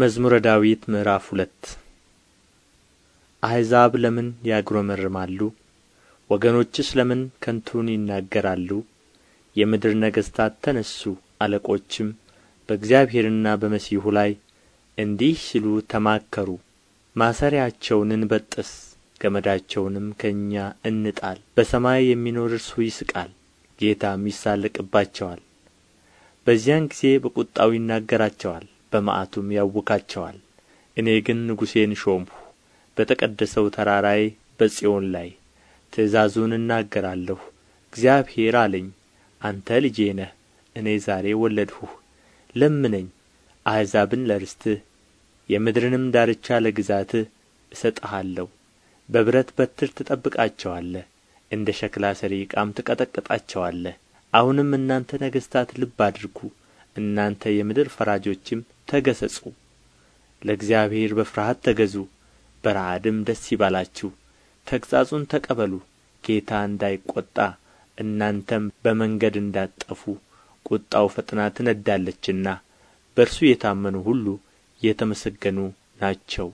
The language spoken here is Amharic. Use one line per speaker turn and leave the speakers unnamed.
መዝሙረ ዳዊት ምዕራፍ ሁለት አሕዛብ ለምን ያጉረመርማሉ? ወገኖችስ ለምን ከንቱን ይናገራሉ? የምድር ነገሥታት ተነሱ አለቆችም በእግዚአብሔርና በመሲሑ ላይ እንዲህ ሲሉ ተማከሩ። ማሰሪያቸውን እንበጥስ፣ ገመዳቸውንም ከእኛ እንጣል። በሰማይ የሚኖር እርሱ ይስቃል፣ ጌታም ይሳለቅባቸዋል። በዚያን ጊዜ በቁጣው ይናገራቸዋል በመዓቱም ያውካቸዋል እኔ ግን ንጉሴን ሾምሁ በተቀደሰው ተራራዬ በጽዮን ላይ ትእዛዙን እናገራለሁ እግዚአብሔር አለኝ አንተ ልጄ ነህ እኔ ዛሬ ወለድሁህ ለምነኝ አሕዛብን ለርስትህ የምድርንም ዳርቻ ለግዛትህ እሰጥሃለሁ በብረት በትር ትጠብቃቸዋለህ እንደ ሸክላ ሰሪ ዕቃም ትቀጠቅጣቸዋለህ አሁንም እናንተ ነገሥታት ልብ አድርጉ እናንተ የምድር ፈራጆችም ተገሠጹ ለእግዚአብሔር በፍርሃት ተገዙ በረዓድም ደስ ይባላችሁ! ተግሣጹን ተቀበሉ ጌታ እንዳይቈጣ እናንተም በመንገድ እንዳትጠፉ ቁጣው ፈጥና ትነዳለችና። በእርሱ የታመኑ ሁሉ የተመሰገኑ ናቸው